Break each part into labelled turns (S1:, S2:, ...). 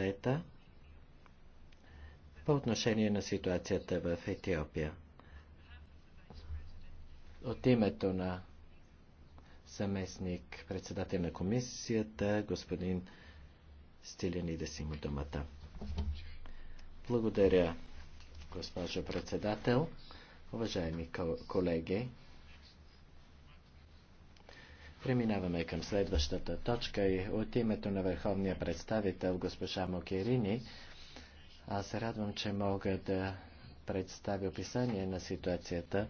S1: съвета по отношение на ситуацията в Етиопия. От името на съместник председател на комисията, господин Стилени да си му думата. Благодаря, госпожо председател, уважаеми колеги. Преминаваме към следващата точка и от името на върховния представител госпожа Мокерини. Аз се радвам, че мога да представя описание на ситуацията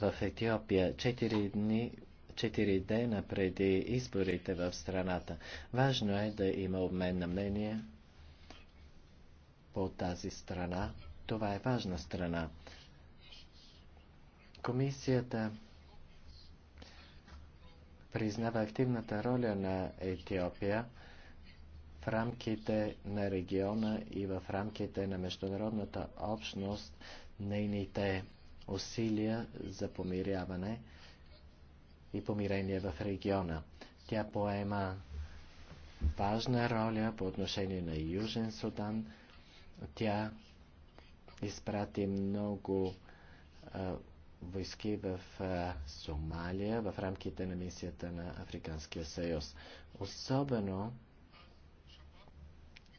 S1: в Етиопия. Четири дни четири дена преди изборите в страната. Важно е да има обмен на мнение по тази страна. Това е важна страна. Комисията признава активната роля на Етиопия в рамките на региона и в рамките на международната общност нейните усилия за помиряване и помирение в региона. Тя поема важна роля по отношение на Южен Судан. Тя изпрати много войски в Сомалия в рамките на мисията на Африканския съюз. Особено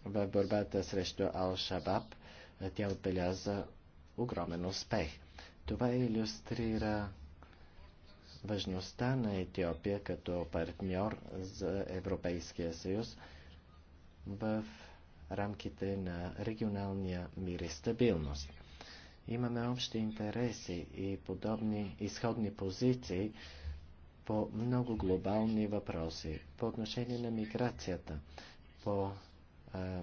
S1: в борбата срещу Ал-Шабаб тя отбеляза огромен успех. Това иллюстрира важността на Етиопия като партньор за Европейския съюз в рамките на регионалния мир и стабилност. Имаме общи интереси и подобни изходни позиции по много глобални въпроси. По отношение на миграцията, по а,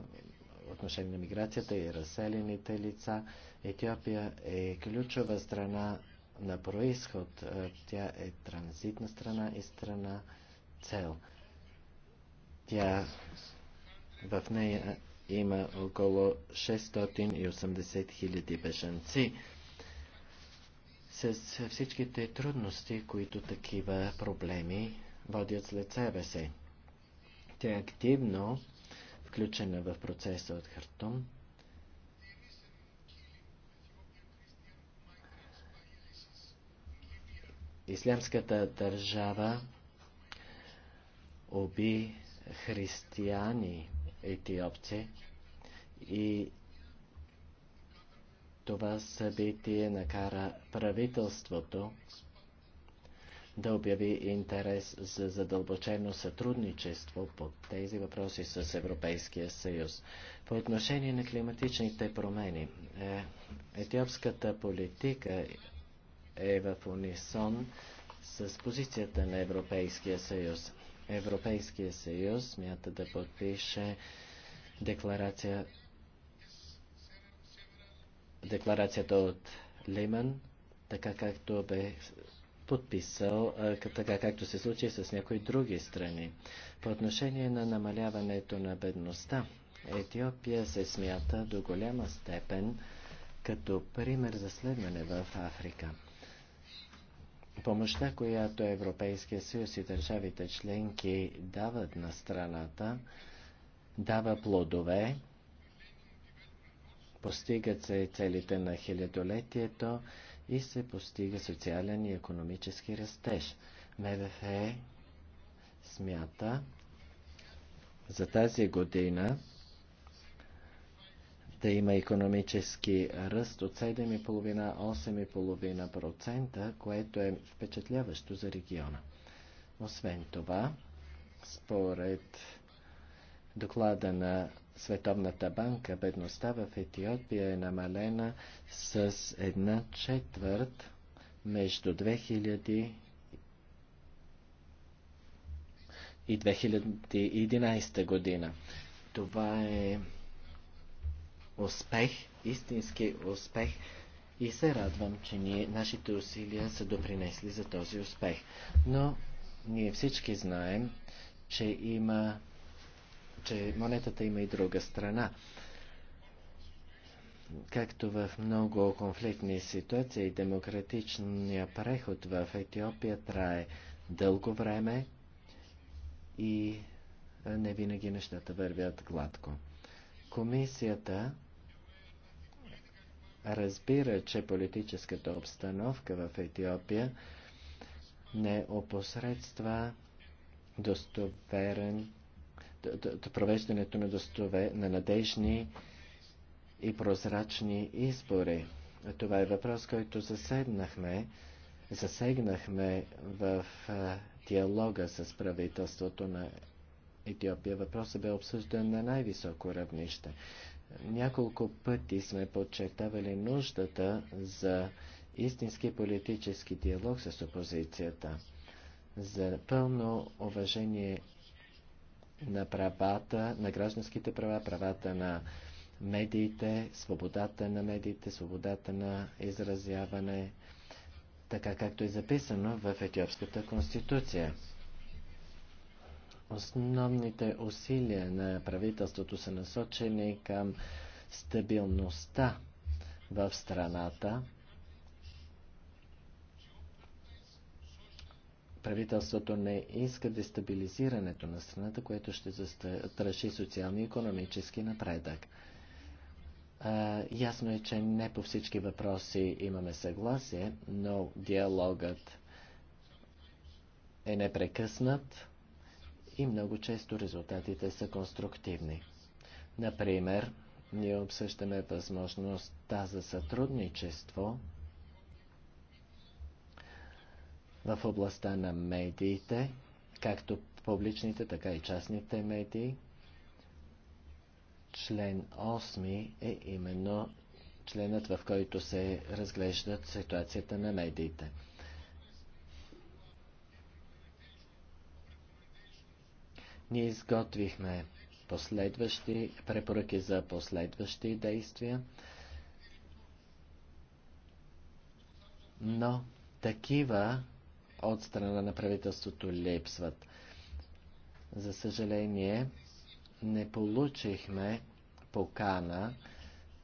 S1: отношение на миграцията и разселените лица, Етиопия е ключова страна на происход. Тя е транзитна страна и страна цел. Тя в нея има около 680 хиляди бежанци. С всичките трудности, които такива проблеми водят след себе си. Тя е активно включена в процеса от Хартум. Ислямската държава уби християни, етиопци. И това събитие накара правителството да обяви интерес за задълбочено сътрудничество по тези въпроси с Европейския съюз. По отношение на климатичните промени, е, етиопската политика е в унисон с позицията на Европейския съюз. Европейския съюз смята да подпише декларация, декларацията от Лиман, така както бе подписал, така както се случи с някои други страни. По отношение на намаляването на бедността, Етиопия се смята до голяма степен като пример за следване в Африка. Помощта, която Европейския съюз и държавите членки дават на страната, дава плодове, постигат се целите на хилядолетието и се постига социален и економически растеж. МВФ смята за тази година да има економически ръст от 7,5-8,5%, което е впечатляващо за региона. Освен това, според доклада на Световната банка, бедността в Етиопия е намалена с една четвърт между 2000 и 2011 година. Това е успех, истински успех и се радвам, че ние, нашите усилия са допринесли за този успех. Но ние всички знаем, че има че монетата има и друга страна. Както в много конфликтни ситуации, демократичният преход в Етиопия трае дълго време и не винаги нещата вървят гладко. Комисията разбира, че политическата обстановка в Етиопия не опосредства достоверен, провеждането на, достове, на надежни и прозрачни избори. Това е въпрос, който заседнахме, засегнахме в диалога с правителството на Етиопия. Въпросът бе обсъждан на най-високо равнище. Няколко пъти сме подчертавали нуждата за истински политически диалог с опозицията, за пълно уважение на правата, на гражданските права, правата на медиите, свободата на медиите, свободата на изразяване, така както е записано в Етиопската конституция. Основните усилия на правителството са насочени към стабилността в страната. Правителството не иска дестабилизирането на страната, което ще застраши социални и економически напредък. А, ясно е, че не по всички въпроси имаме съгласие, но диалогът е непрекъснат и много често резултатите са конструктивни. Например, ние обсъждаме възможността за сътрудничество в областта на медиите, както публичните, така и частните медии. Член 8 е именно членът, в който се разглеждат ситуацията на медиите. Ние изготвихме последващи препоръки за последващи действия, но такива от страна на правителството липсват. За съжаление, не получихме покана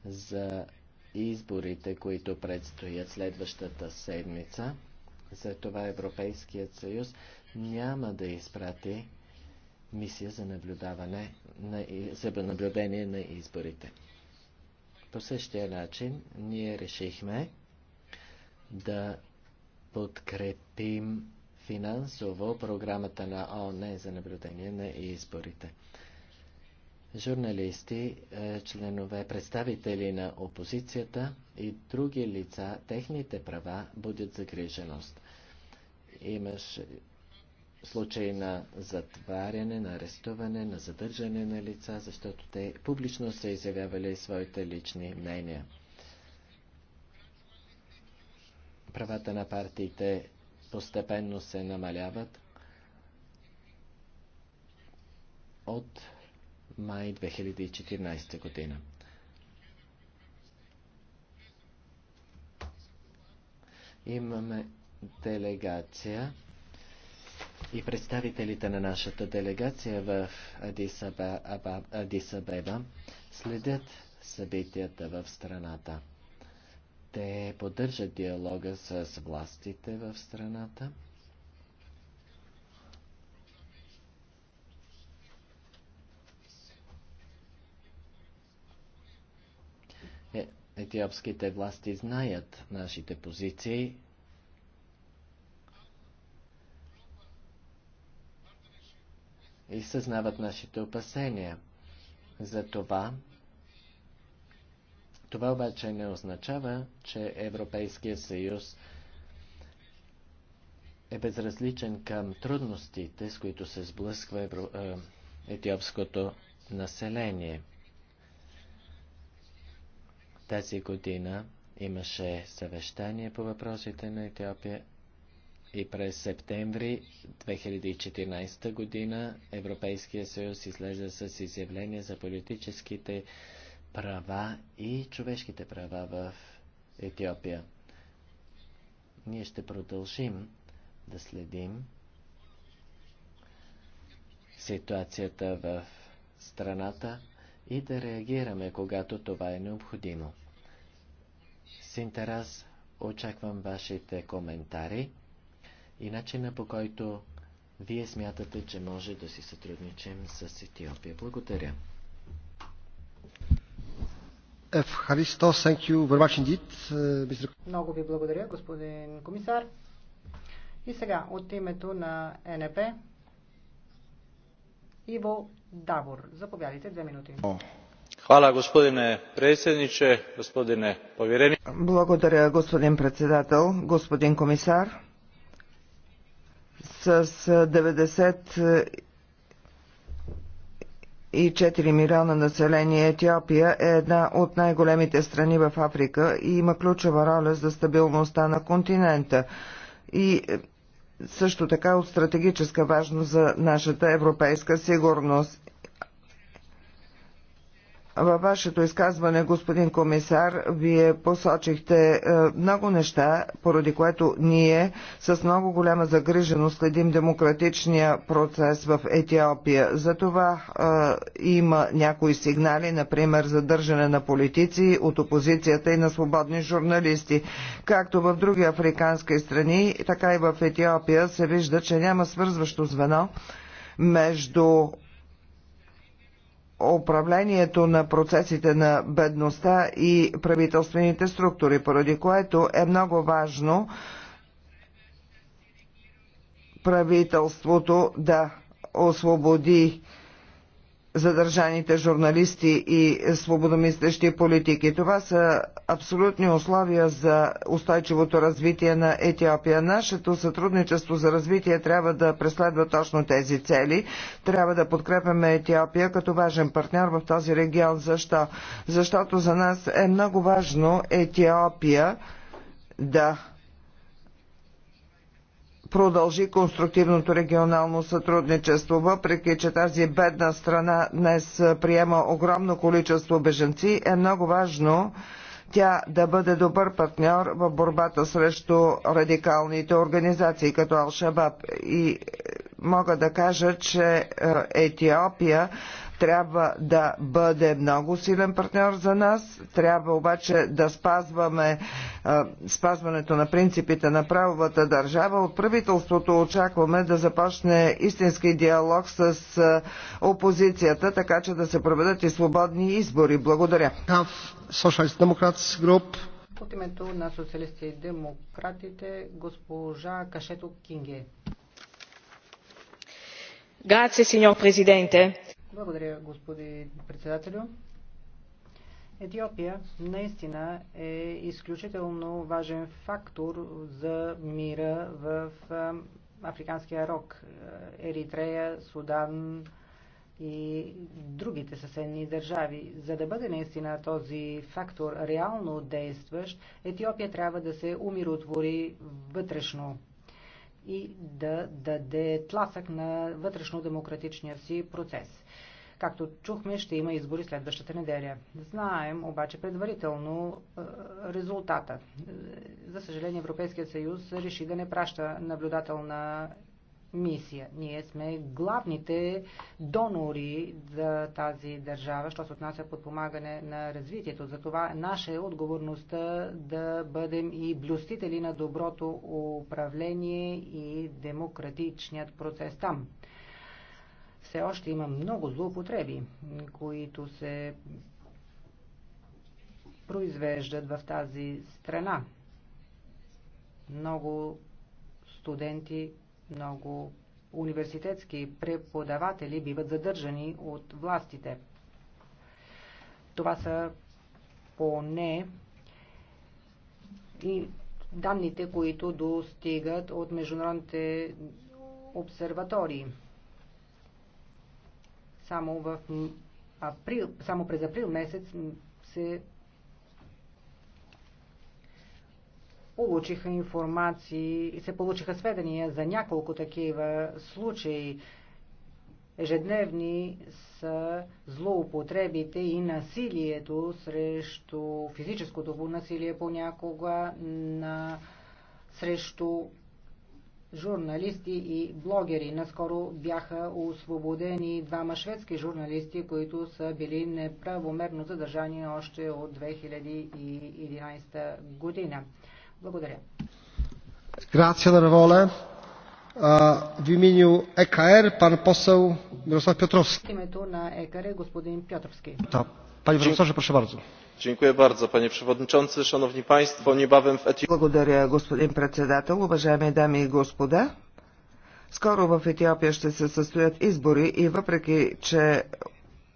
S1: за изборите, които предстоят следващата седмица. Затова Европейският съюз няма да изпрати мисия за наблюдаване на, за наблюдение на изборите. По същия начин ние решихме да подкрепим финансово програмата на ООН за наблюдение на изборите. Журналисти, е, членове, представители на опозицията и други лица, техните права будят загриженост. Имаш случаи на затваряне, на арестуване, на задържане на лица, защото те публично са изявявали своите лични мнения. Правата на партиите постепенно се намаляват от май 2014 година. Имаме делегация и представителите на нашата делегация в Адисабеба следят събитията в страната. Те поддържат диалога с властите в страната. Е, етиопските власти знаят нашите позиции и съзнават нашите опасения. За това, това обаче не означава, че Европейския съюз е безразличен към трудностите, с които се сблъсква евро... Е, етиопското население. Тази година имаше съвещание по въпросите на Етиопия и през септември 2014 година Европейския съюз излезе с изявление за политическите права и човешките права в Етиопия. Ние ще продължим да следим ситуацията в страната и да реагираме, когато това е необходимо. С интерес очаквам вашите коментари и начина по който вие смятате, че може да си сътрудничим с Етиопия. Благодаря.
S2: Е, Много ви благодаря, господин комисар. И сега, от името на НП, Иво Давор. Заповядайте, две минути. Gospodine predsjedniče, gospodine povjereniče.
S3: Благодаря, господин председател, господин комисар с 94 милиона население Етиопия е една от най-големите страни в Африка и има ключова роля за стабилността на континента. И е, също така от стратегическа важност за нашата европейска сигурност. Във вашето изказване, господин комисар, вие посочихте е, много неща, поради което ние с много голяма загриженост следим демократичния процес в Етиопия. За това е, има някои сигнали, например задържане на политици от опозицията и на свободни журналисти. Както в други африкански страни, така и в Етиопия се вижда, че няма свързващо звено между управлението на процесите на бедността и правителствените структури, поради което е много важно правителството да освободи задържаните журналисти и свободомислещи политики. Това са абсолютни условия за устойчивото развитие на Етиопия. Нашето сътрудничество за развитие трябва да преследва точно тези цели. Трябва да подкрепяме Етиопия като важен партньор в този регион. Защо? Защото за нас е много важно Етиопия да продължи конструктивното регионално сътрудничество, въпреки че тази бедна страна днес приема огромно количество беженци, е много важно тя да бъде добър партньор в борбата срещу радикалните организации като Ал-Шабаб. И е, мога да кажа, че е, Етиопия трябва да бъде много силен партньор за нас, трябва обаче да спазваме спазването на принципите на правовата държава. От правителството очакваме да започне истински диалог с опозицията, така че да се проведат и свободни избори. Благодаря.
S2: От името на социалисти и демократите госпожа Кашето Кинге.
S1: Grazie signor Presidente
S2: благодаря, господин председателю. Етиопия наистина е изключително важен фактор за мира в Африканския рок. Еритрея, Судан и другите съседни държави. За да бъде наистина този фактор реално действащ, Етиопия трябва да се умиротвори вътрешно и да даде тласък на вътрешно-демократичния си процес. Както чухме, ще има избори следващата неделя. Знаем обаче предварително е, резултата. За съжаление Европейският съюз реши да не праща наблюдателна мисия. Ние сме главните донори за тази държава, що се отнася подпомагане на развитието. Затова наша е отговорността да бъдем и блюстители на доброто управление и демократичният процес там. Все още има много злоупотреби, които се произвеждат в тази страна. Много студенти много университетски преподаватели биват задържани от властите. Това са поне и данните, които достигат от международните обсерватории. Само, в април, само през април месец се получиха информации, се получиха сведения за няколко такива случаи. Ежедневни са злоупотребите и насилието срещу физическото насилие понякога на, срещу журналисти и блогери. Наскоро бяха освободени двама шведски журналисти, които са били неправомерно задържани още от 2011 година. Благодаря. Грация, Дърволе. В имени ЕКР, пан посел Мирослав Петровски. В името на ЕКР, господин Петровски.
S3: Да. Panie profesorze, proszę bardzo.
S1: Dziękuję bardzo, panie przewodniczący, szanowni państwo. Niebawem w Etiopii.
S3: Благодаря, господин председател, уважаеми дами и господа. Скоро в Етиопия ще се състоят избори и въпреки, че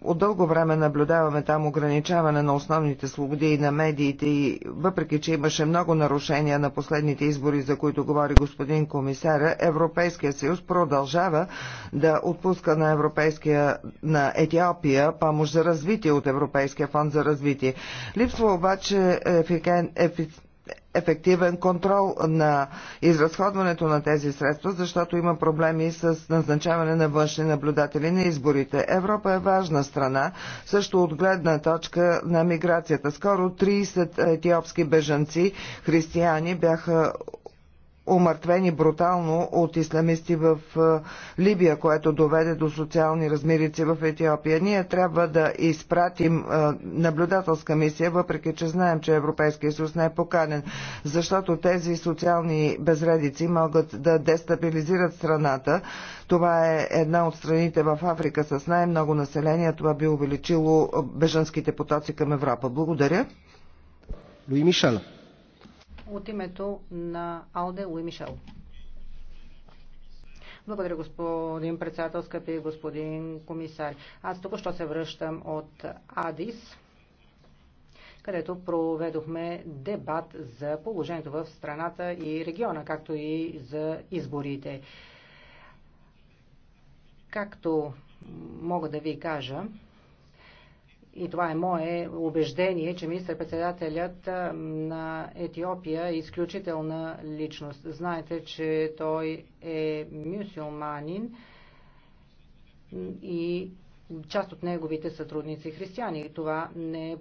S3: от дълго време наблюдаваме там ограничаване на основните свободи и на медиите и въпреки, че имаше много нарушения на последните избори, за които говори господин комисаря, Европейския съюз продължава да отпуска на, Европейския, на Етиопия помощ за развитие от Европейския фонд за развитие. Липсва обаче ефикен, ефи, ефективен контрол на изразходването на тези средства, защото има проблеми с назначаване на външни наблюдатели на изборите. Европа е важна страна, също от гледна точка на миграцията. Скоро 30 етиопски бежанци, християни, бяха умъртвени брутално от исламисти в Либия, което доведе до социални размирици в Етиопия. Ние трябва да изпратим наблюдателска мисия, въпреки че знаем, че Европейския съюз не е поканен, защото тези социални безредици могат да дестабилизират страната. Това е една от страните в Африка с най-много население. Това би увеличило бежанските потоци към Европа. Благодаря. Луи Мишел.
S2: От името на Алде Луи Мишел. Благодаря, господин председател, скъпи господин комисар. Аз току-що се връщам от Адис, където проведохме дебат за положението в страната и региона, както и за изборите. Както мога да ви кажа, и това е мое убеждение, че министър-председателят на Етиопия е изключителна личност. Знаете, че той е мюсюлманин и част от неговите сътрудници християни. Това не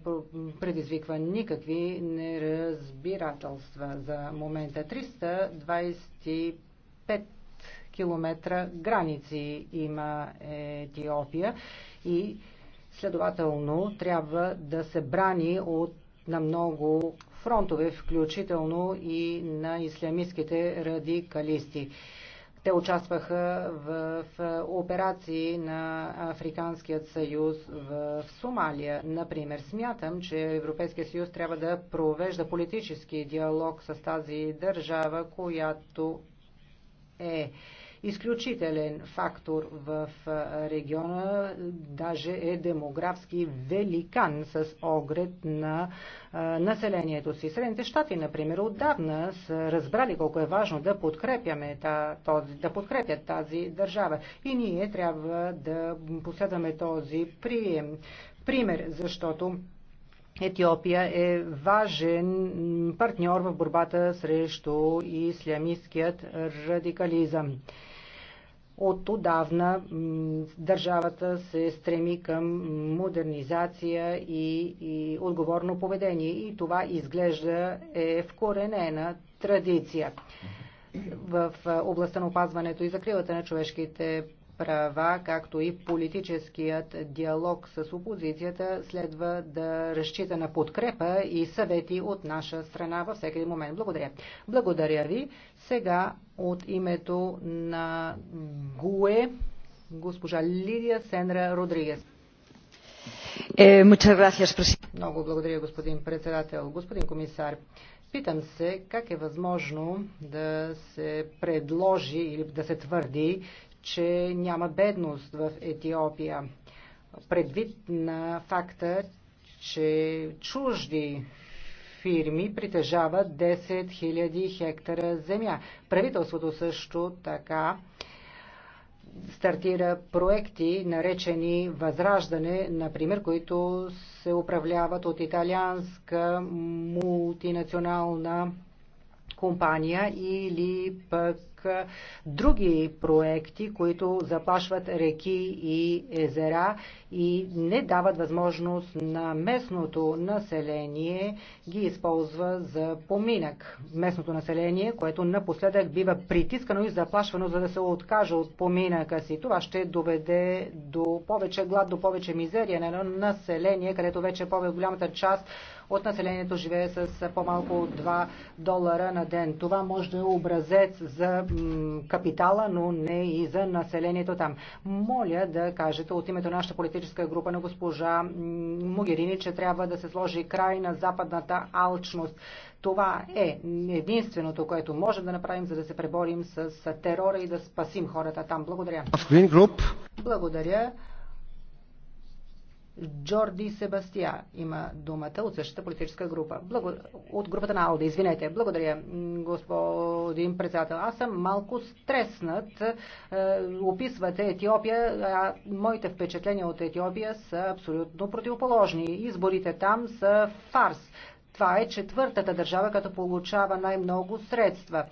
S2: предизвиква никакви неразбирателства за момента. 325 километра граници има Етиопия и Следователно, трябва да се брани от, на много фронтове, включително и на ислямистските радикалисти. Те участваха в, в операции на Африканският съюз в, в Сомалия. Например, смятам, че Европейския съюз трябва да провежда политически диалог с тази държава, която е изключителен фактор в региона, даже е демографски великан с огред на населението си. Средните щати, например, отдавна са разбрали колко е важно да подкрепяме този, да подкрепят тази държава. И ние трябва да последваме този прием. Пример, защото Етиопия е важен партньор в борбата срещу ислямистският радикализъм. От отдавна държавата се стреми към модернизация и, и отговорно поведение и това изглежда е вкоренена традиция в областта на опазването и закрилата на човешките права, както и политическият диалог с опозицията следва да разчита на подкрепа и съвети от наша страна във всеки момент. Благодаря. Благодаря ви. Сега от името на ГУЕ госпожа Лидия Сенра Родригес. Е, gracias, Много благодаря, господин председател. Господин комисар, Питам се как е възможно да се предложи или да се твърди, че няма бедност в Етиопия. Предвид на факта, че чужди фирми притежават 10 000 хектара земя. Правителството също така стартира проекти, наречени Възраждане, например, които се управляват от италианска мултинационална компания или пък други проекти, които заплашват реки и езера и не дават възможност на местното население ги използва за поминък. Местното население, което напоследък бива притискано и заплашвано, за да се откаже от поминъка си. Това ще доведе до повече глад, до повече мизерия на едно население, където вече повече голямата част от населението живее с по-малко от 2 долара на ден. Това може да е образец за капитала, но не и за населението там. Моля да кажете от името на нашата политическа група на госпожа Могерини, че трябва да се сложи край на западната алчност. Това е единственото, което можем да направим, за да се преборим с терора и да спасим хората там. Благодаря. Благодаря. Джорди Себастия има думата от същата политическа група. Благо... От групата на Алда, извинете. Благодаря, господин председател. Аз съм малко стреснат. Е, описвате Етиопия, а моите впечатления от Етиопия са абсолютно противоположни. Изборите там са фарс. Това е четвъртата държава, като получава най-много средства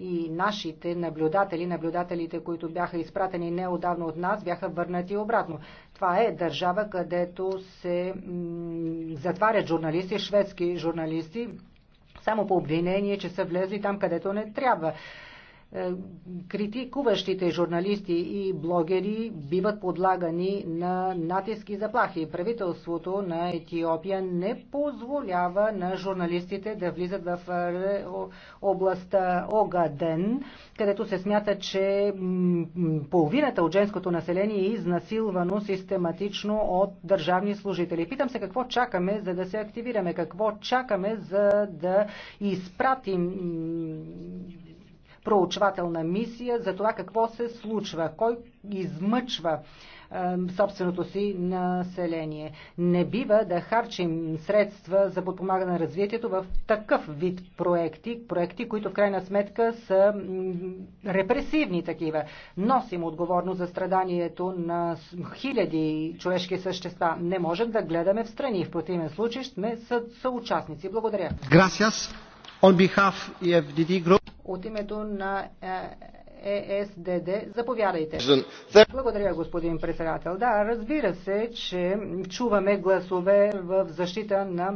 S2: и нашите наблюдатели, наблюдателите, които бяха изпратени неодавно от нас, бяха върнати обратно. Това е държава, където се затварят журналисти, шведски журналисти, само по обвинение, че са влезли там, където не трябва. Е, критикуващите журналисти и блогери биват подлагани на натиски заплахи. Правителството на Етиопия не позволява на журналистите да влизат в е, областта Огаден, където се смята, че половината от женското население е изнасилвано систематично от държавни служители. Питам се какво чакаме, за да се активираме, какво чакаме, за да изпратим проучвателна мисия за това какво се случва, кой измъчва е, собственото си население. Не бива да харчим средства за подпомагане на развитието в такъв вид проекти, проекти, които в крайна сметка са репресивни такива. Носим отговорност за страданието на хиляди човешки същества. Не можем да гледаме в страни. В противен случай сме съучастници. Благодаря. Gracias. On behalf of e Group от името на ЕСДД. Е, е Заповядайте. Благодаря, господин председател. Да, разбира се, че чуваме гласове в защита на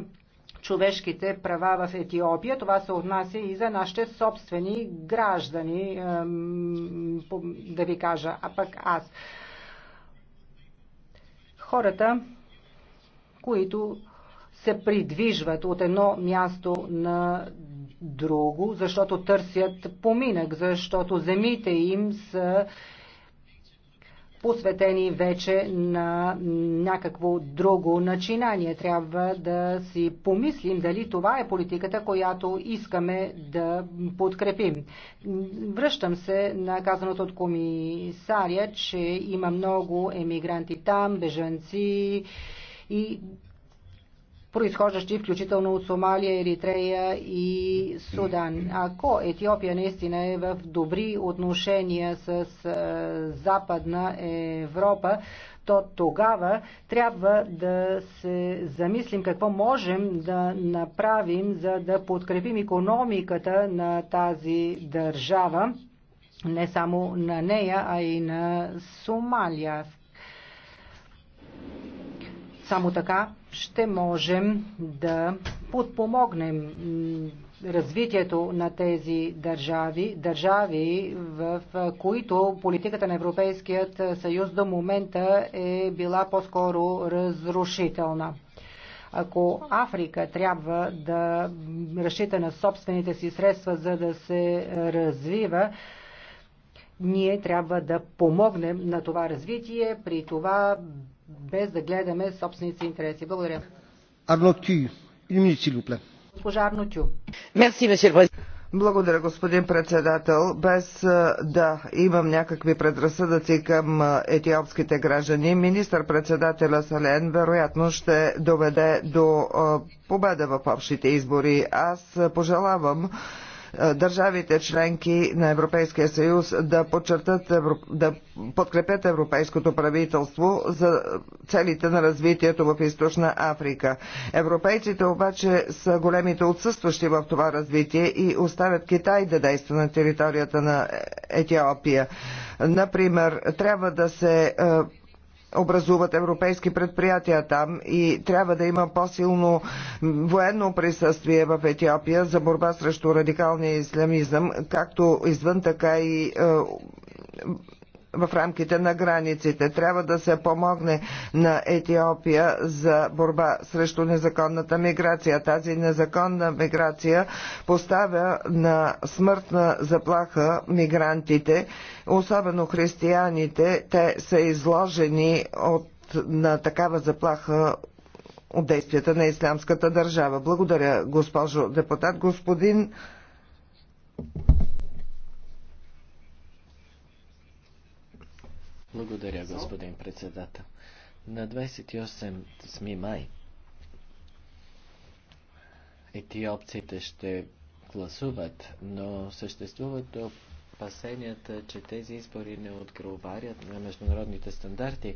S2: човешките права в Етиопия. Това се отнася и за нашите собствени граждани, да ви кажа, а пък аз. Хората, които се придвижват от едно място на друго, защото търсят поминък, защото земите им са посветени вече на някакво друго начинание. Трябва да си помислим дали това е политиката, която искаме да подкрепим. Връщам се на казаното от комисаря, че има много емигранти там, бежанци и произхождащи включително от Сомалия, Еритрея и Судан. Ако Етиопия наистина е в добри отношения с Западна Европа, то тогава трябва да се замислим какво можем да направим, за да подкрепим економиката на тази държава, не само на нея, а и на Сомалия. Само така ще можем да подпомогнем развитието на тези държави, държави, в които политиката на Европейският съюз до момента е била по-скоро разрушителна. Ако Африка трябва да разчита на собствените си средства, за да се развива, ние трябва да помогнем на това развитие, при това без да гледаме собствените си интереси. Благодаря.
S3: Арнотю, си люпле.
S2: Госпожа Арнотю.
S3: Мерси, месье благодаря, господин председател. Без да имам някакви предразсъдъци към етиопските граждани, министър-председателя Сален вероятно ще доведе до победа в общите избори. Аз пожелавам е, държавите членки на Европейския съюз да, подчертат, да подкрепят европейското правителство за целите на развитието в Източна Африка. Европейците обаче са големите отсъстващи в това развитие и оставят Китай да действа на територията на Етиопия. Например, трябва да се е, образуват европейски предприятия там и трябва да има по-силно военно присъствие в Етиопия за борба срещу радикалния ислямизъм, както извън, така и е, в рамките на границите. Трябва да се помогне на Етиопия за борба срещу незаконната миграция. Тази незаконна миграция поставя на смъртна заплаха мигрантите, особено християните. Те са изложени от, на такава заплаха от действията на ислямската държава. Благодаря, госпожо депутат. Господин
S1: Благодаря, господин председател. На 28 май етиопците ще гласуват, но съществуват опасенията, че тези избори не отговарят на международните стандарти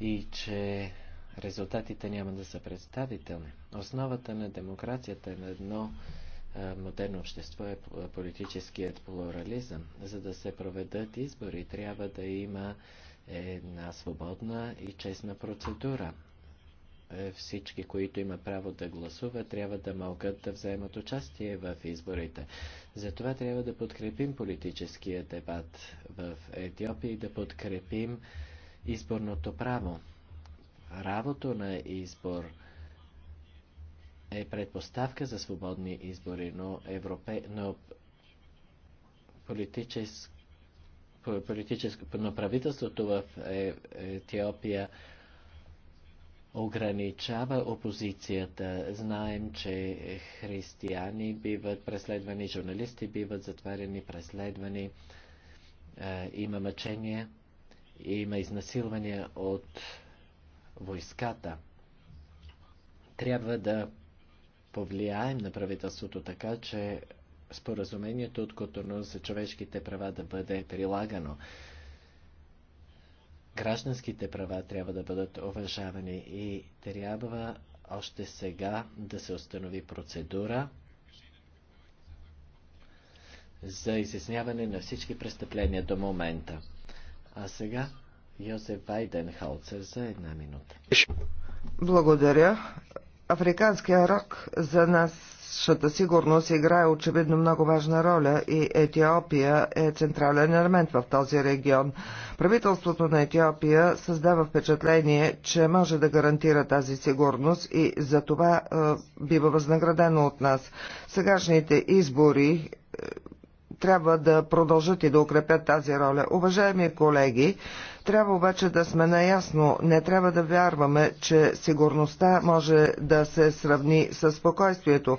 S1: и че резултатите няма да са представителни. Основата на демокрацията е на едно е, модерно общество е политическият плурализъм. За да се проведат избори, трябва да има една свободна и честна процедура. Е, всички, които имат право да гласуват, трябва да могат да вземат участие в изборите. Затова трябва да подкрепим политическия дебат в Етиопия и да подкрепим изборното право. Правото на избор – е предпоставка за свободни избори, но, европе... но политическо политическо, но правителството в е, Етиопия ограничава опозицията. Знаем, че християни биват преследвани, журналисти биват затварени, преследвани. Е, има мъчения, има изнасилвания от войската. Трябва да повлияем на правителството така, че споразумението от Котурно за човешките права да бъде прилагано. Гражданските права трябва да бъдат уважавани и трябва още сега да се установи процедура за изясняване на всички престъпления до момента. А сега Йозеф Вайденхалцер за една минута.
S3: Благодаря. Африканския рок за нашата сигурност играе очевидно много важна роля и Етиопия е централен елемент в този регион. Правителството на Етиопия създава впечатление, че може да гарантира тази сигурност и за това е, бива възнаградено от нас. Сегашните избори е, трябва да продължат и да укрепят тази роля. Уважаеми колеги, трябва обаче да сме наясно, не трябва да вярваме, че сигурността може да се сравни с спокойствието.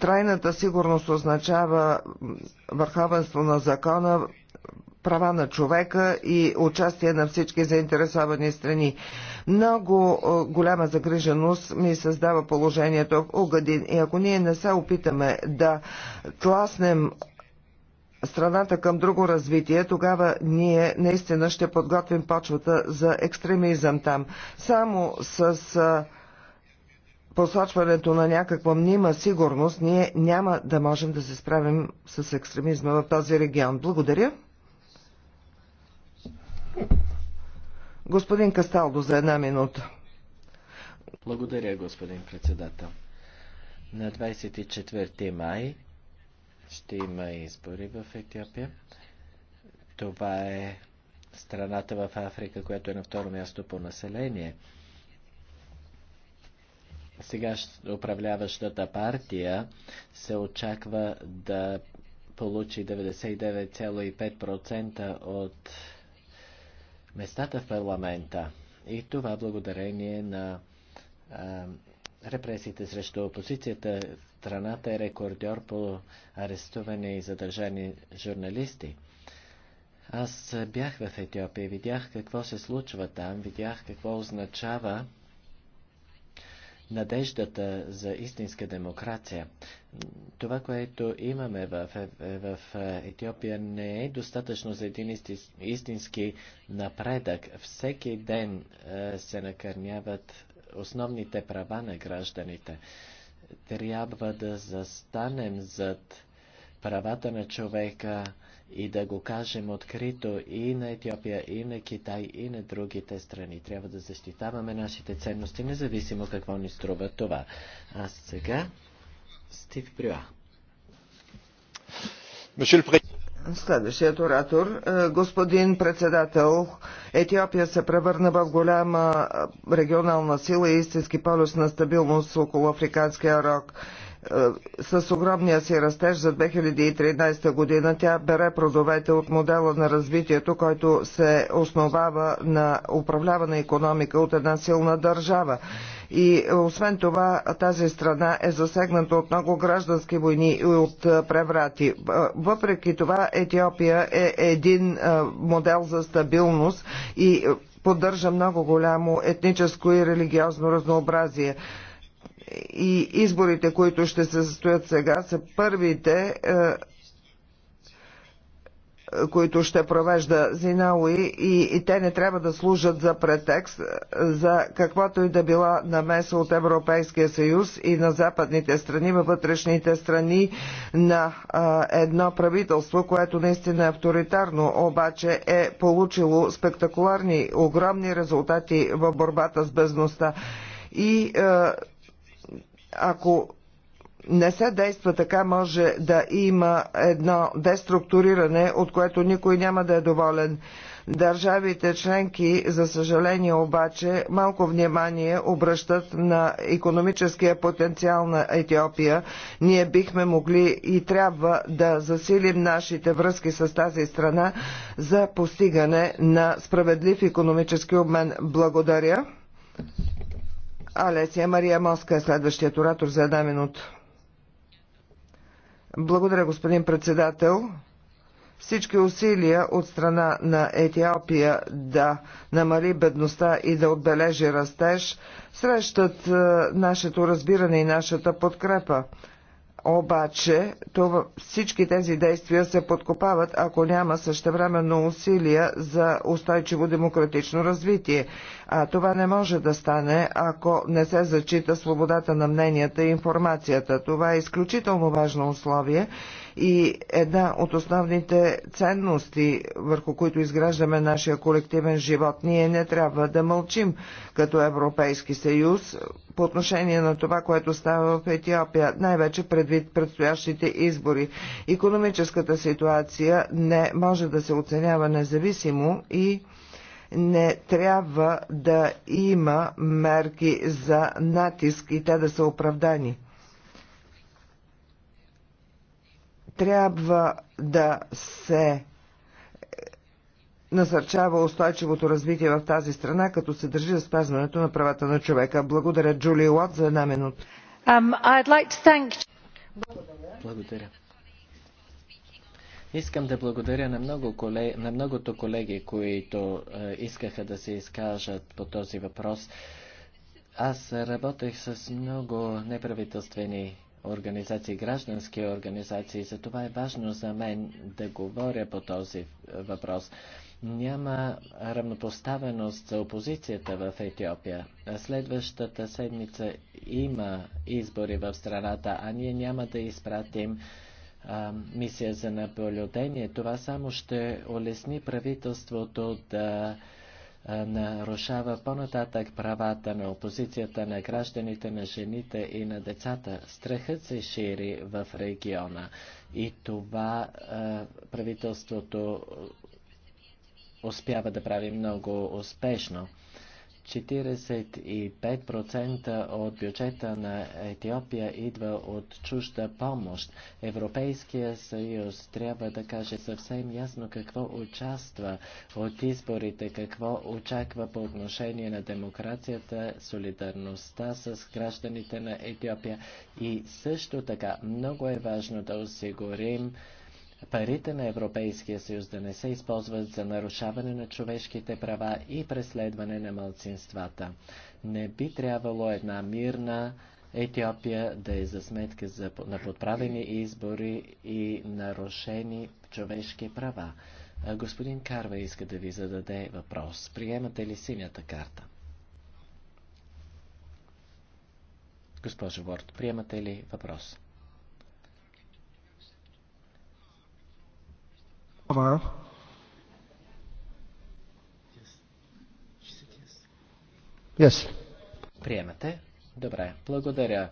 S3: Трайната сигурност означава върховенство на закона, права на човека и участие на всички заинтересовани страни. Много е, голяма загриженост ми създава положението в Угадин и ако ние не се опитаме да тласнем страната към друго развитие, тогава ние наистина ще подготвим почвата за екстремизъм там. Само с посочването на някаква мнима сигурност, ние няма да можем да се справим с екстремизма в този регион. Благодаря. Господин Касталдо за една минута.
S1: Благодаря, господин председател. На 24 май ще има избори в Етиопия. Това е страната в Африка, която е на второ място по население. Сега управляващата партия се очаква да получи 99,5% от местата в парламента. И това благодарение на а, репресиите срещу опозицията, Страната е рекордьор по арестуване и задържани журналисти. Аз бях в Етиопия, видях какво се случва там, видях какво означава надеждата за истинска демокрация. Това, което имаме в, е, е, Етиопия, не е достатъчно за един истински напредък. Всеки ден е, се накърняват основните права на гражданите трябва да застанем зад правата на човека и да го кажем открито и на Етиопия, и на Китай, и на другите страни. Трябва да защитаваме нашите ценности, независимо какво ни струва това. А сега Стив Брюа.
S3: Следващият оратор. Е, господин председател, Етиопия се превърна в голяма е, регионална сила и истински полюс на стабилност около Африканския рок е, с огромния си растеж за 2013 година тя бере продовете от модела на развитието, който се основава на управлявана економика от една силна държава. И освен това, тази страна е засегната от много граждански войни и от преврати. Въпреки това, Етиопия е един модел за стабилност и поддържа много голямо етническо и религиозно разнообразие и изборите, които ще се състоят сега, са първите които ще провежда Зинауи и, и те не трябва да служат за претекст за каквото и да била намеса от Европейския съюз и на западните страни, във вътрешните страни на а, едно правителство, което наистина е авторитарно, обаче е получило спектакуларни, огромни резултати в борбата с безността. И а, ако не се действа така, може да има едно деструктуриране, от което никой няма да е доволен. Държавите членки, за съжаление обаче, малко внимание обръщат на економическия потенциал на Етиопия. Ние бихме могли и трябва да засилим нашите връзки с тази страна за постигане на справедлив економически обмен. Благодаря. Алесия Мария Моска е следващият оратор за една минута. Благодаря, господин председател. Всички усилия от страна на Етиопия да намали бедността и да отбележи растеж срещат е, нашето разбиране и нашата подкрепа обаче това, всички тези действия се подкопават, ако няма същевременно усилия за устойчиво демократично развитие. А това не може да стане, ако не се зачита свободата на мненията и информацията. Това е изключително важно условие и една от основните ценности, върху които изграждаме нашия колективен живот. Ние не трябва да мълчим като Европейски съюз по отношение на това, което става в Етиопия, най-вече предвид предстоящите избори. Економическата ситуация не може да се оценява независимо и не трябва да има мерки за натиск и те да са оправдани. Трябва да се насърчава устойчивото развитие в тази страна, като се държи за спазването на правата на човека. Благодаря Джули Лот за една минута.
S2: Um, like thank...
S1: Благодаря. Благодаря. Искам да благодаря на, много колег... на многото колеги, които е, искаха да се изкажат по този въпрос. Аз работех с много неправителствени организации, граждански организации, за това е важно за мен да говоря по този въпрос. Няма равнопоставеност за опозицията в Етиопия. Следващата седмица има избори в страната, а ние няма да изпратим а, мисия за наблюдение. Това само ще улесни правителството да нарушава по-нататък правата на опозицията, на гражданите, на жените и на децата. Страхът се шири в региона и това а, правителството успява да прави много успешно. 45% от бюджета на Етиопия идва от чужда помощ. Европейския съюз трябва да каже съвсем ясно какво участва от изборите, какво очаква по отношение на демокрацията, солидарността с гражданите на Етиопия. И също така много е важно да осигурим парите на Европейския съюз да не се използват за нарушаване на човешките права и преследване на малцинствата. Не би трябвало една мирна Етиопия да е за сметка за, на подправени избори и нарушени човешки права. Господин Карва иска да ви зададе въпрос. Приемате ли синята карта? Госпожо Ворд, приемате ли въпрос? Yes. Приемате? Добре. Благодаря,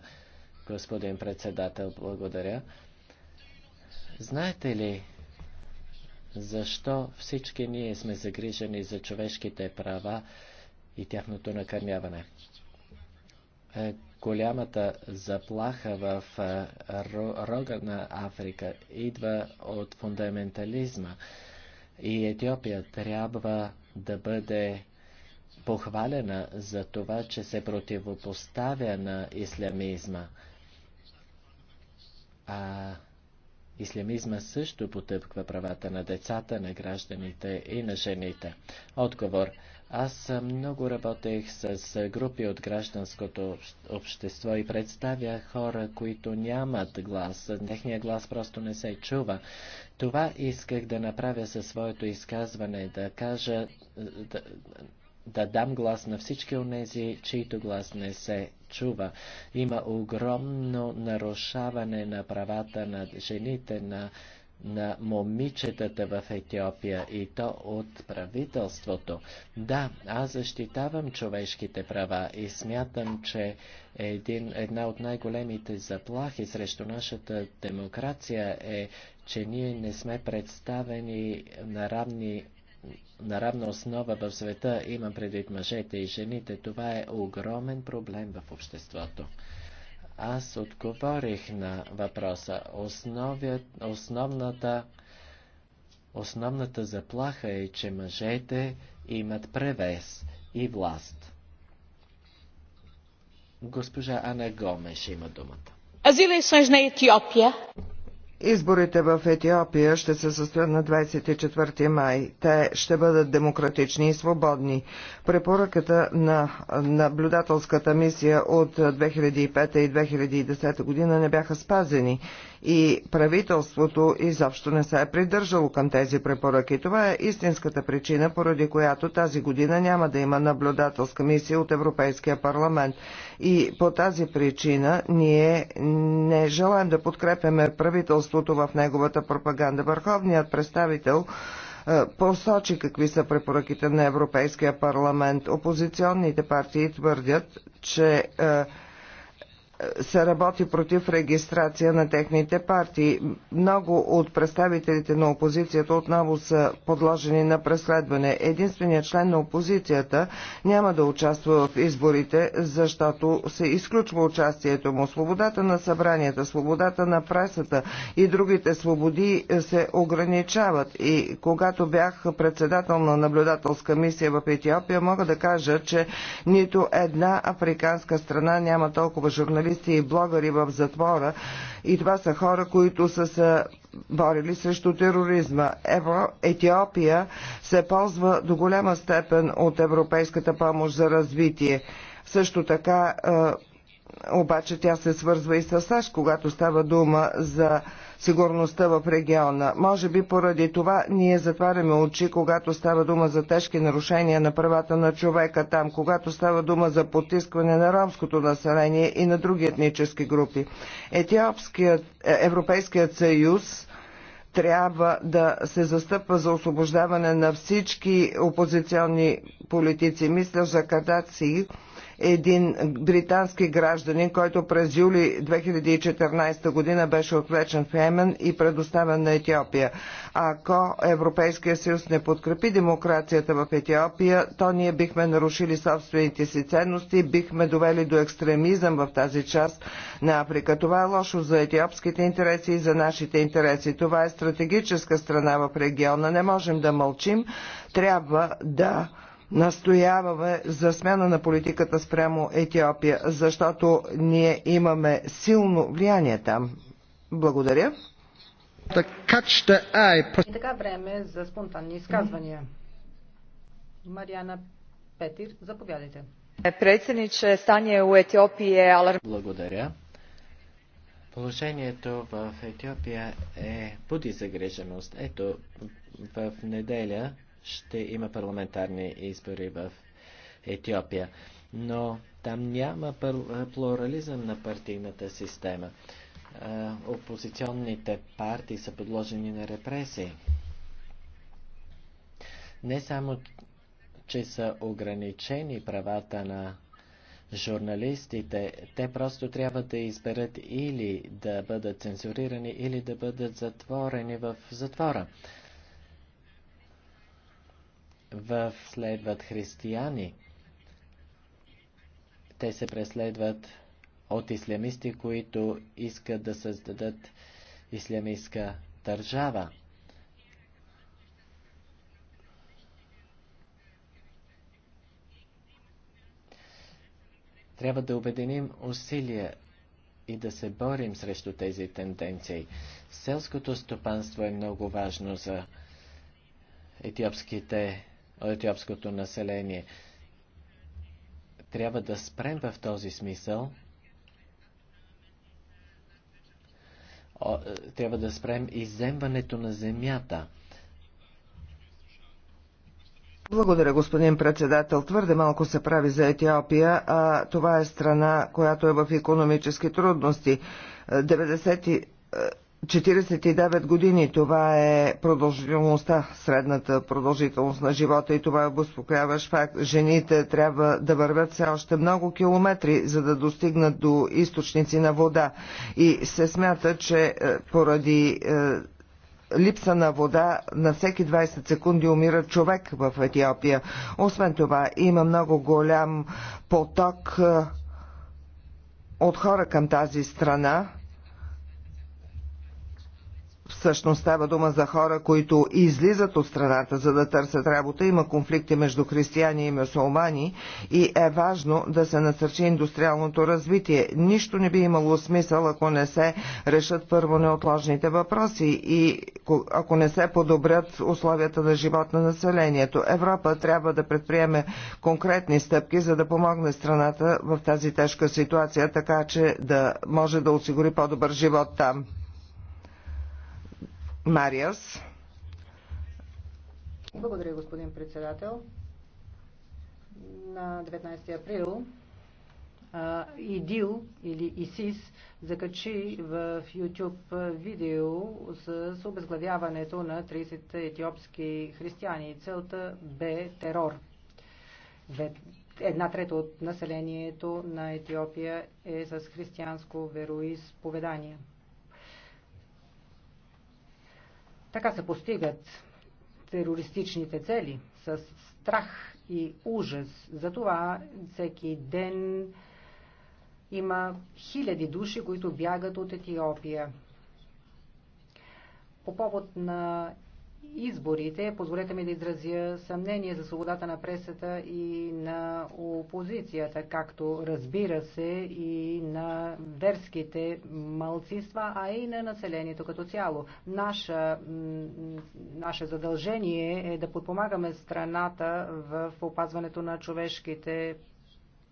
S1: господин председател. Благодаря. Знаете ли защо всички ние сме загрижени за човешките права и тяхното накърняване? Е, Голямата заплаха в рога на Африка идва от фундаментализма и Етиопия трябва да бъде похвалена за това, че се противопоставя на ислямизма. А Ислямизма също потъпква правата на децата, на гражданите и на жените. Отговор – аз много работех с групи от гражданското общество и представя хора, които нямат глас. Техният глас просто не се чува. Това исках да направя със своето изказване, да кажа, е, да, да дам глас на всички тези, чието глас не се чува. Има огромно нарушаване на правата на жените, на на момичетата в Етиопия и то от правителството. Да, аз защитавам човешките права и смятам, че един, една от най-големите заплахи срещу нашата демокрация е, че ние не сме представени на равни на равна основа в света имам предвид мъжете и жените. Това е огромен проблем в обществото. Аз отговорих на въпроса. Основят, основната, основната заплаха е, че мъжете имат превес и власт. Госпожа Ана Гомеш има думата. As eleições Етиопия. Изборите в
S3: Етиопия ще се състоят на 24 май. Те ще бъдат демократични и свободни. Препоръката на наблюдателската мисия от 2005 и 2010 година не бяха спазени и правителството изобщо не се е придържало към тези препоръки. Това е истинската причина, поради която тази година няма да има наблюдателска мисия от Европейския парламент. И по тази причина ние не желаем да подкрепяме правителството в неговата пропаганда. Върховният представител е, посочи какви са препоръките на Европейския парламент. Опозиционните партии твърдят, че е, се работи против регистрация на техните партии. Много от представителите на опозицията отново са подложени на преследване. Единственият член на опозицията няма да участва в изборите, защото се изключва участието му. Свободата на събранията, свободата на пресата и другите свободи се ограничават. И когато бях председател на наблюдателска мисия в Етиопия, мога да кажа, че нито една африканска страна няма толкова журналисти, журналисти и блогъри в затвора и това са хора, които са се борили срещу тероризма. Ево, Етиопия се ползва до голяма степен от европейската помощ за развитие. Също така, е, обаче тя се свързва и с САЩ, когато става дума за сигурността в региона. Може би поради това ние затваряме очи, когато става дума за тежки нарушения на правата на човека там, когато става дума за потискване на ромското население и на други етнически групи. Етиопският, е, Европейският съюз трябва да се застъпва за освобождаване на всички опозиционни политици. Мисля за Кадаци, един британски гражданин, който през юли 2014 година беше отвлечен в Йемен и предоставен на Етиопия. Ако Европейския съюз не подкрепи демокрацията в Етиопия, то ние бихме нарушили собствените си ценности, бихме довели до екстремизъм в тази част на Африка. Това е лошо за етиопските интереси и за нашите интереси. Това е стратегическа страна в региона. Не можем да мълчим. Трябва да настояваме за смяна на политиката спрямо Етиопия, защото ние имаме силно влияние там. Благодаря. И
S2: така време за спонтанни изказвания. Мариана Петир, заповядайте.
S1: Председниче, стане у Етиопия е алар... Благодаря. Положението в Етиопия е буди загреженост. Ето, в неделя ще има парламентарни избори в Етиопия. Но там няма плурализъм на партийната система. Опозиционните партии са подложени на репресии. Не само, че са ограничени правата на журналистите, те просто трябва да изберат или да бъдат цензурирани, или да бъдат затворени в затвора в следват християни. Те се преследват от ислямисти, които искат да създадат ислямистка държава. Трябва да обединим усилия и да се борим срещу тези тенденции. Селското стопанство е много важно за етиопските етиопското население. Трябва да спрем в този смисъл. Е, трябва да спрем иземването на земята. Благодаря, господин
S3: председател. Твърде малко се прави за Етиопия, а това е страна, която е в економически трудности. 90... Е, 49 години. Това е продължителността, средната продължителност на живота и това е обоспокояващ факт. Жените трябва да вървят все още много километри, за да достигнат до източници на вода. И се смята, че е, поради е, липса на вода на всеки 20 секунди умира човек в Етиопия. Освен това, има много голям поток е, от хора към тази страна Всъщност става дума за хора, които излизат от страната, за да търсят работа. Има конфликти между християни и мюсулмани и е важно да се насърчи индустриалното развитие. Нищо не би имало смисъл, ако не се решат първо неотложните въпроси и ако не се подобрят условията на живот на населението. Европа трябва да предприеме конкретни стъпки, за да помогне страната в тази тежка ситуация, така че да може да осигури по-добър живот там. Мариас.
S2: Благодаря, господин председател. На 19 април ИДИЛ или ИСИС закачи в YouTube видео с обезглавяването на 30 етиопски християни. Целта бе терор. Една трета от населението на Етиопия е с християнско вероисповедание. Така се постигат терористичните цели с страх и ужас. Затова всеки ден има хиляди души, които бягат от Етиопия. По повод на изборите, позволете ми да изразя съмнение за свободата на пресата и на опозицията, както разбира се и на верските малцинства, а и на населението като цяло. Наша, наше задължение е да подпомагаме страната в опазването на човешките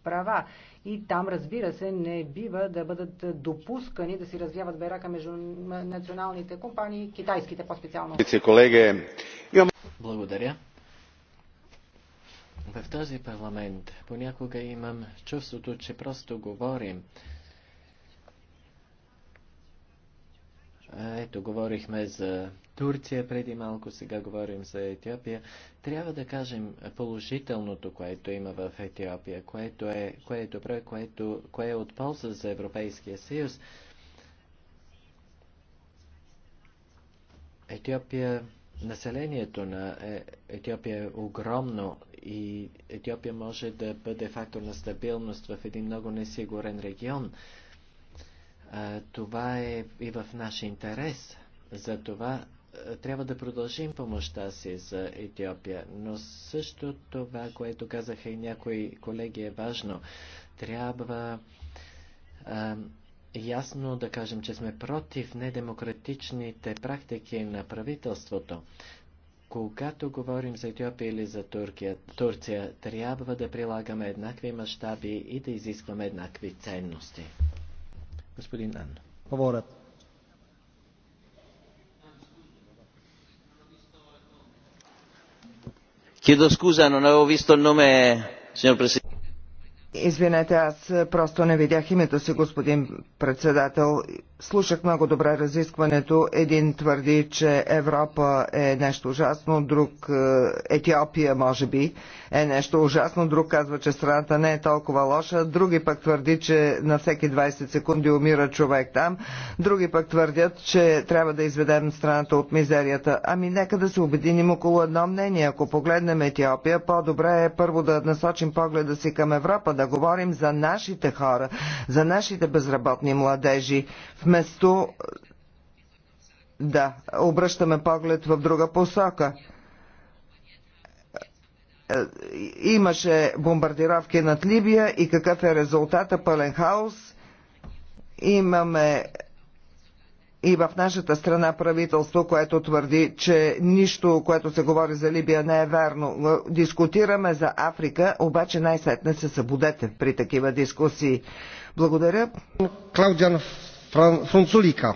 S2: права и там, разбира се, не бива да бъдат допускани да си развяват верака между националните компании, китайските по-специално.
S1: Благодаря. В този парламент понякога имам чувството, че просто говорим. Ето, говорихме за Турция преди малко, сега говорим за Етиопия. Трябва да кажем положителното, което има в Етиопия, което е, кое е добре, което, кое е от полза за Европейския съюз. Етиопия, населението на е, Етиопия е огромно и Етиопия може да бъде фактор на стабилност в един много несигурен регион. Това е и в наш интерес. За това трябва да продължим помощта си за Етиопия, но също това, което казаха и някои колеги е важно. Трябва а, ясно да кажем, че сме против недемократичните практики на правителството. Когато говорим за Етиопия или за Туркия, Турция, трябва да прилагаме еднакви мащаби и да изискваме еднакви ценности. Господин Ан. Говорят. Chiedo scusa, non avevo visto il nome, signor Presidente.
S3: Извинете, аз просто не видях името си, господин председател. Слушах много добре разискването. Един твърди, че Европа е нещо ужасно, друг е, Етиопия, може би, е нещо ужасно, друг казва, че страната не е толкова лоша, други пък твърди, че на всеки 20 секунди умира човек там, други пък твърдят, че трябва да изведем страната от мизерията. Ами нека да се обединим около едно мнение. Ако погледнем Етиопия, по-добре е първо да насочим погледа си към Европа, да говорим за нашите хора, за нашите безработни младежи вместо да обръщаме поглед в друга посока имаше бомбардировки над Либия и какъв е резултата? Пълен хаос. Имаме и в нашата страна правителство, което твърди, че нищо, което се говори за Либия не е верно. Дискутираме за Африка, обаче най-сетне се събудете при такива дискусии. Благодаря. Фран... Францулика.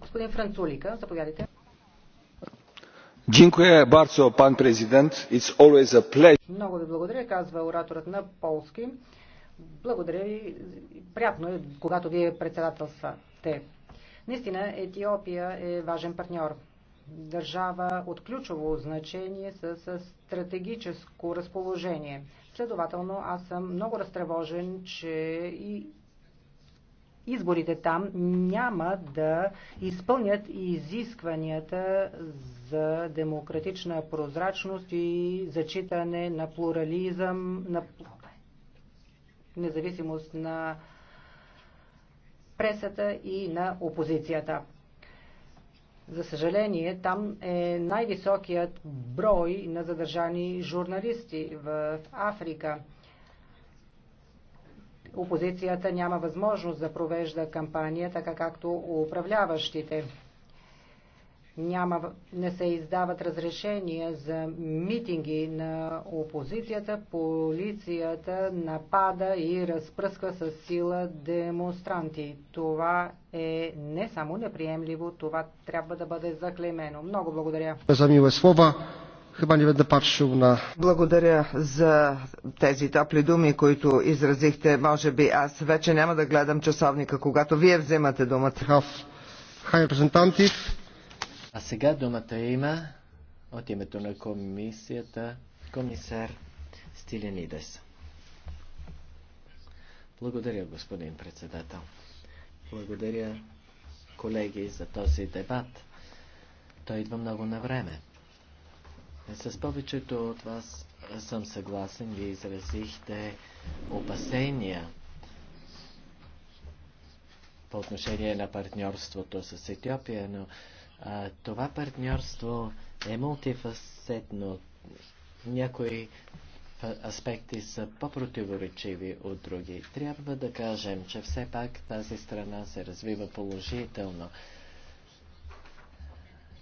S2: Господин Францулика, заповядайте.
S1: Дзинкуе барцо, пан президент. It's always a pleasure.
S2: Много ви благодаря, казва ораторът на полски. Благодаря ви. Приятно е, когато вие председателствате. Наистина, Етиопия е важен партньор държава от ключово значение с, с стратегическо разположение. Следователно, аз съм много разтревожен, че и изборите там няма да изпълнят изискванията за демократична прозрачност и зачитане на плурализъм, на независимост на пресата и на опозицията. За съжаление, там е най-високият брой на задържани журналисти в Африка опозицията няма възможност да провежда кампания, така както управляващите. Няма, не се издават разрешения за митинги на опозицията, полицията напада и разпръсква с сила демонстранти. Това е не само неприемливо, това трябва да бъде заклемено. Много благодаря.
S3: За миле слова. Chyba nie będę patrzył Благодаря за тези топли думи, които изразихте. Може би аз вече няма да гледам часовника, когато вие вземате думата. Хай репрезентантив.
S1: А сега думата има от името на комисията комисар Стиленидес. Благодаря, господин председател. Благодаря, колеги, за този дебат. Той идва много на време. С повечето от вас съм съгласен, вие изразихте опасения по отношение на партньорството с Етиопия, но а, това партньорство е мултифасетно. Някои аспекти са по-противоречиви от други. Трябва да кажем, че все пак тази страна се развива положително.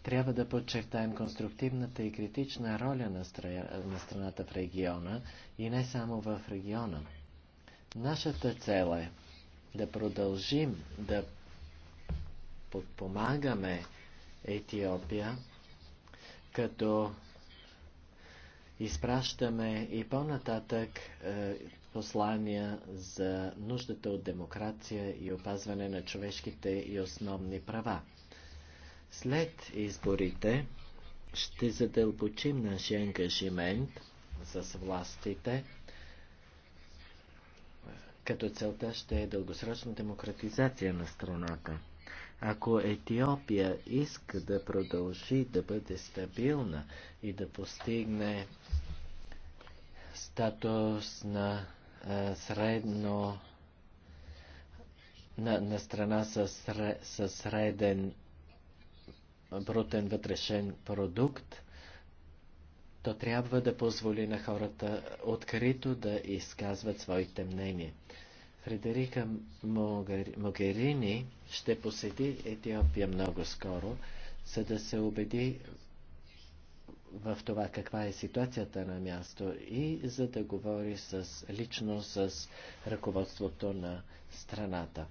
S1: Трябва да подчертаем конструктивната и критична роля на, стра... на страната в региона и не само в региона. Нашата цел е да продължим да подпомагаме Етиопия, като изпращаме и по-нататък е, послания за нуждата от демокрация и опазване на човешките и основни права. След изборите ще задълбочим нашия ангажимент с властите, като целта ще е дългосрочна демократизация на страната. Ако Етиопия иска да продължи да бъде стабилна и да постигне статус на а, средно на, на страна със, със среден брутен вътрешен продукт, то трябва да позволи на хората открито да изказват своите мнения. Фредерика Могерини ще посети Етиопия много скоро, за да се убеди в това каква е ситуацията на място и за да говори с, лично с ръководството на страната.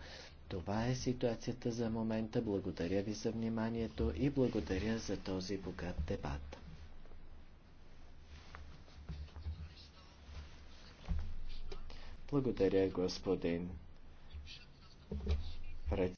S1: Това е ситуацията за момента. Благодаря ви за вниманието и благодаря за този богат дебат. Благодаря, господин.